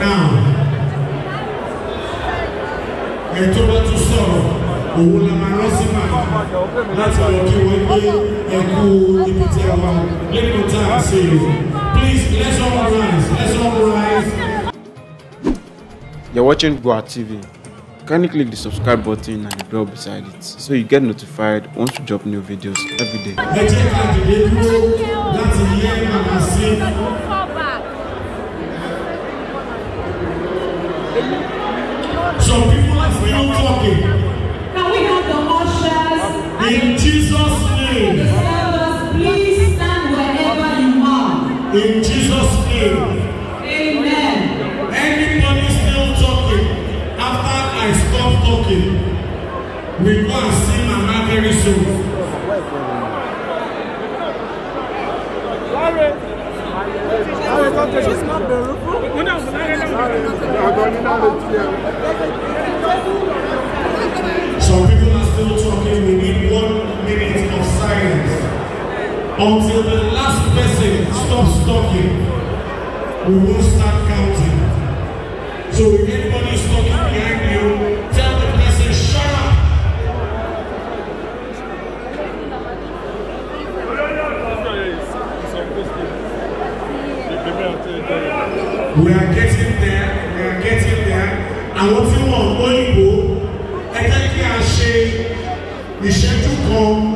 now ẹ̀tọ́ bá tún sọ̀rọ̀ òun la máa lọ sí màá láti lọ kí wọ́n gbé ẹ̀kú ibi tí a wà lẹ́nu tá a ṣe rè please let's all rise let's all rise. You're watching Gboah TV. Kindly click the subscribe button and the bell beside it so you get notified once we drop new videos every day. Some people are still talking. Can we have the ushers? In Jesus' name. The servers, please stand wherever you are. In Jesus' name. Amen. Anybody still talking after I stop talking, we go and see Mama very soon. Sorry. It's not beautiful. Some people are still talking. We need one minute of silence until the last person stops talking. We won't start counting. So we we are getting there we are getting there àwọn tí wọ́n ń gbọ́ ìbò ẹ jẹ́ kí a ṣe ìṣẹ́jú kan.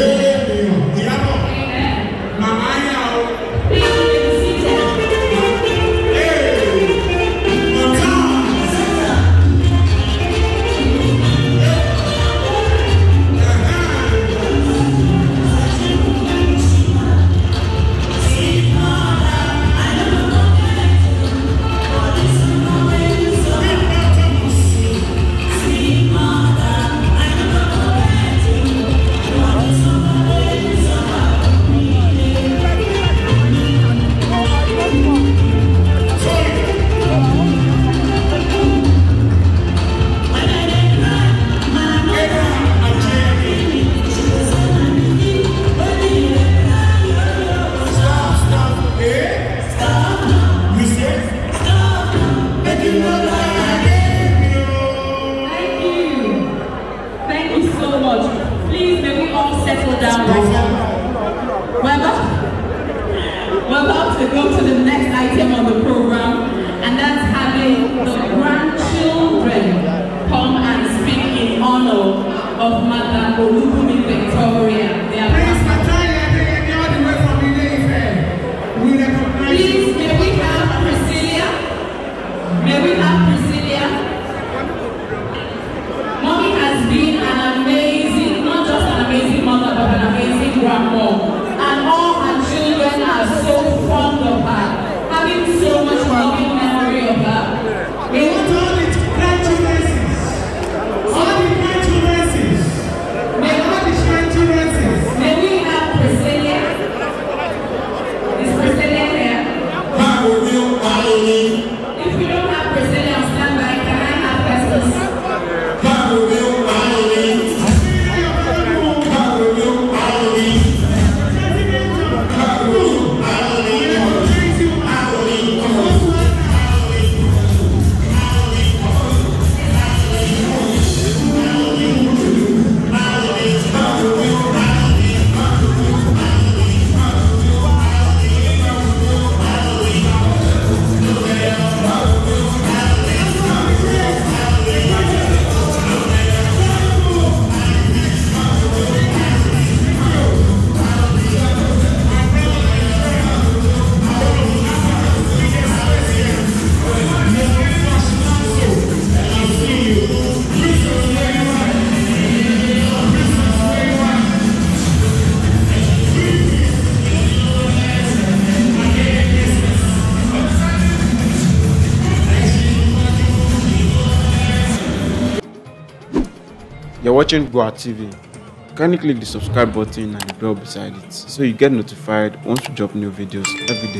down right now. We're about, we're about to go to the next item on the program, and that's having the grandchildren come and speak in honor of Madame Olukumi Victoria. you're watching Goa TV, kindly click the subscribe button and the bell beside it so you get notified once we drop new videos every day.